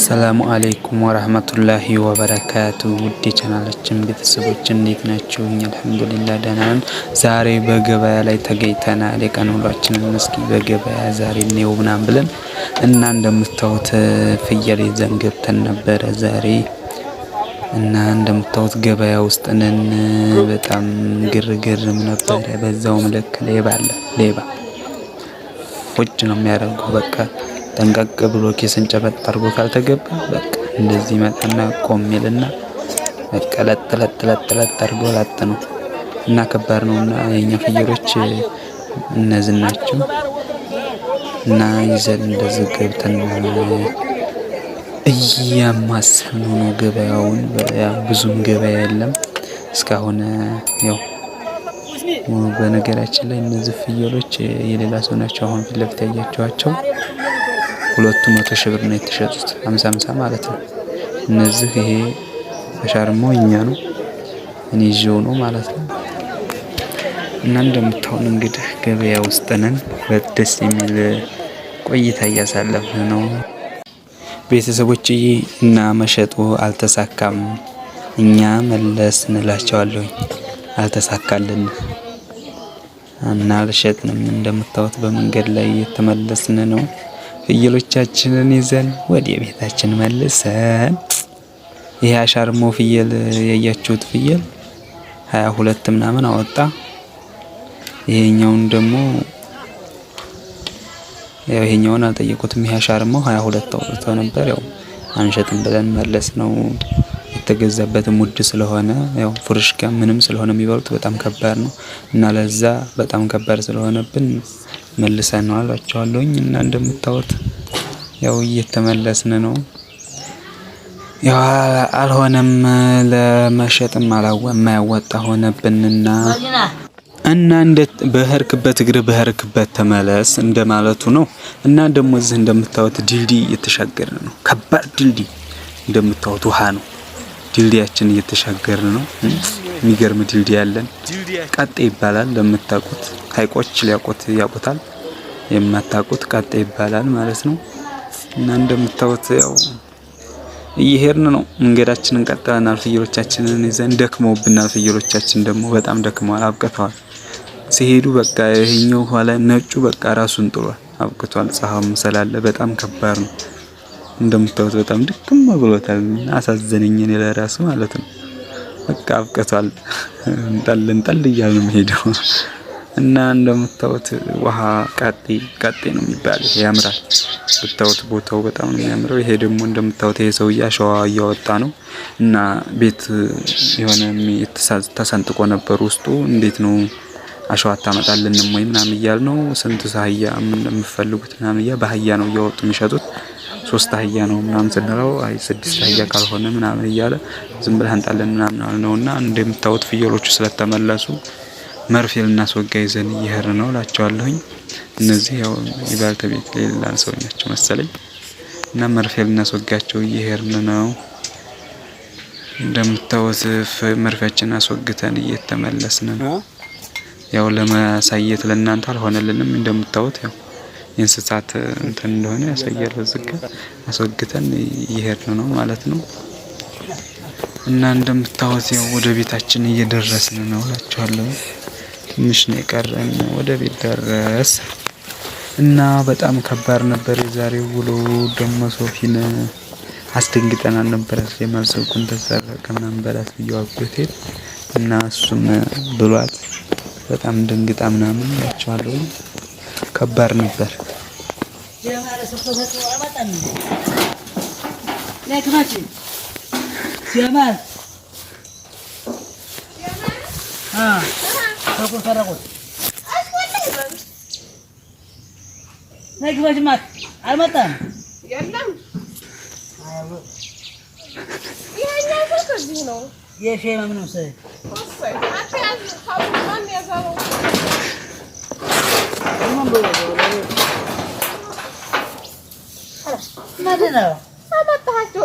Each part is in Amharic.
አሰላሙ አሌይኩም ወረህመቱላሂ ወበረካቱ ውድ የቻናላችን ቤተሰቦች እንዴት ናቸው? እኛ አልሐምዱሊላ ደህና ነን። ዛሬ በገበያ ላይ ተገኝተናል። የቀን ውሏችንን እስኪ በገበያ ዛሬ እንየው ምናምን ብለን እና እንደምታዩት ፍየል ይዘን ገብተን ነበረ ዛሬ እና እንደምታዩት ገበያ ውስጥ ነን። በጣም ግርግርም ነበረ። በዛው ምልክ ሌባ አለ። ሌባ ውጭ ነው የሚያደርጉ በቃ ጠንቀቅ ብሎ ኬስን ጨበጥ አድርጎ ካልተገባ በቃ እንደዚህ መጣና ቆም በቃ ለጥ ለጥ ለጥ ለጥ አድርጎ ላጥ ነው እና ከባድ ነው። እና የኛ ፍየሎች እነዚህ ናቸው እና ይዘን እንደዚህ ገብተን እያማሰል ነው ነው ገበያውን። ብዙም ገበያ የለም እስካሁን ያው በነገራችን ላይ እነዚህ ፍየሎች የሌላ ሰው ናቸው። አሁን ፊት ለፊት ያያቸዋቸው ሁለቱ መቶ ሺህ ብር ነው የተሸጡት። አምሳ አምሳ ማለት ነው። እነዚህ ይሄ በሻርሞ እኛ ነው እኔ ይዤው ነው ማለት ነው። እና እንደምታውን እንግዲህ ገበያ ውስጥ ነን። ደስ የሚል ቆይታ እያሳለፍን ነው ቤተሰቦች እና መሸጡ አልተሳካም። እኛ መለስ እንላቸዋለሁ አልተሳካልን እና አልሸጥንም። እንደምታዩት በመንገድ ላይ እየተመለስን ነው። ፍየሎቻችንን ይዘን ወደ ቤታችን መልሰን ይሄ አሻርሞ ፍየል ያያችሁት ፍየል ሀያ ሁለት ምናምን አወጣ። ይሄኛውን ደግሞ ያው ይሄኛውን አልጠየቁትም። ይሄ አሻርሞ ሀያ ሁለት አውጥቶ ነበር። ያው አንሸጥም ብለን መለስ ነው የተገዛበትም ውድ ስለሆነ ያው ፉርሽ ጋር ምንም ስለሆነ የሚበሉት በጣም ከባድ ነው እና ለዛ በጣም ከባድ ስለሆነብን መልሰነዋል እላቸዋለሁኝ እና እንደምታዩት ያው እየተመለስን ነው። ያው አልሆነም፣ ለመሸጥም የማያወጣ ሆነብንና እና እንደ በህርክበት እግር በህርክበት ተመለስ እንደማለቱ ነው። እና ደግሞ እዚህ እንደምታዩት ድልድይ እየተሻገርን ነው። ከባድ ድልድይ እንደምታዩት ውሃ ነው። ድልድያችን እየተሻገርን ነው። የሚገርም ድልድይ ያለን ቀጤ ይባላል ለምታውቁት ሀይቆች ሊያውቁት ያውቁታል። የማታውቁት ቃጤ ይባላል ማለት ነው። እና እንደምታዩት ያው እየሄድን ነው። መንገዳችንን ቀጥለናል። ፍየሎቻችንን ይዘን ደክመውብናል። ፍየሎቻችን ደግሞ በጣም ደክመዋል፣ አብቅተዋል። ሲሄዱ በቃ ይሄኛው ኋላ ነጩ በቃ ራሱን ጥሏል፣ አብቅቷል። ፀሐዩም ስላለ በጣም ከባድ ነው። እንደምታዩት በጣም ድክም ብሎታል። አሳዘነኝ እኔ ለራሱ ማለት ነው። በቃ አብቅቷል። እንጠል እንጠል እያሉ መሄደው እና እንደምታዩት ውሃ ቃጤ ቃጤ ነው የሚባለው ያምራል። ብታዩት ቦታው በጣም ነው የሚያምረው። ይሄ ደግሞ እንደምታዩት ይሄ ሰውዬ አሸዋ እያወጣ ነው እና ቤት የሆነ ተሰንጥቆ ነበር ውስጡ። እንዴት ነው አሸዋ ታመጣልንም ወይ ምናምን እያል ነው። ስንት አህያ እንደምፈልጉት ምናምን እያ በአህያ ነው እያወጡ የሚሸጡት ሶስት አህያ ነው ምናምን ስንለው አይ ስድስት አህያ ካልሆነ ምናምን እያለ ዝም ብለህ አንጣለን ምናምን አልነውና እንደምታዩት ፍየሎቹ ስለተመለሱ መርፌ ልናስወጋ ይዘን እየሄር ነው ላቸዋለሁኝ። እነዚህ ያው የባልተቤት ሌላ ሰው ናቸው መሰለኝ እና መርፌ ልናስወጋቸው እየሄድን ነው። እንደምታወት መርፌያችን አስወግተን እየተመለስን ነው። ያው ለማሳየት ለእናንተ አልሆነልንም። እንደምታዩት ያው የእንስሳት እንትን እንደሆነ ያሳያል። በዝጋ አስወግተን እየሄድን ነው ማለት ነው። እና እንደምታወት ያው ወደ ቤታችን እየደረስን ነው እላችኋለሁ። ትንሽ ነው የቀረን ወደ ቤት ደረስ እና በጣም ከባድ ነበር የዛሬው ውሎ። ደሞ ሶፊን አስደንግጠን አልነበረት የማዘጉን ተሰረቀ ምናምን በላት ብዬ አጎቴል እና እሱም ብሏት በጣም ደንግጣ ምናምን ያቸዋለሁ። ከባድ ነበር። ሲያማር አልመጣም። ምንድን ነው አመጣኋቸው?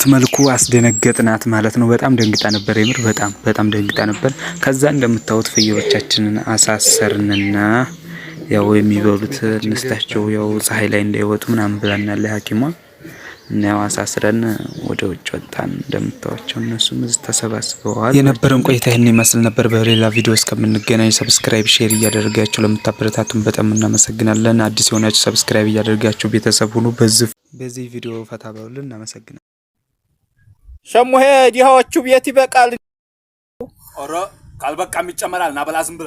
በሚያስደነግጥ መልኩ አስደነገጥናት ማለት ነው። በጣም ደንግጣ ነበር። የምር በጣም በጣም ደንግጣ ነበር። ከዛ እንደምታዩት ፍየሎቻችንን አሳሰርንና ያው የሚበሉት እንስታቸው ያው ፀሐይ ላይ እንዳይወጡ ምናምን ብላናለ ሐኪሟ እና ያው አሳስረን ወደ ውጭ ወጣን። እንደምታዋቸው እነሱም እዚህ ተሰባስበዋል። የነበረን ቆይታ ይህን ይመስል ነበር። በሌላ ቪዲዮ እስከምንገናኝ ሰብስክራይብ፣ ሼር እያደረጋችሁ ለምታበረታቱን በጣም እናመሰግናለን። አዲስ የሆናችሁ ሰብስክራይብ እያደረጋችሁ ቤተሰብ ሁኑ። በዚህ ቪዲዮ ፈታ በሉ። እናመሰግናለን። ሸሙሄ ዲሃዎቹ ቤት ይበቃል። ኦሮ ካልበቃም ይጨመራል። ናበላ በላ ዝም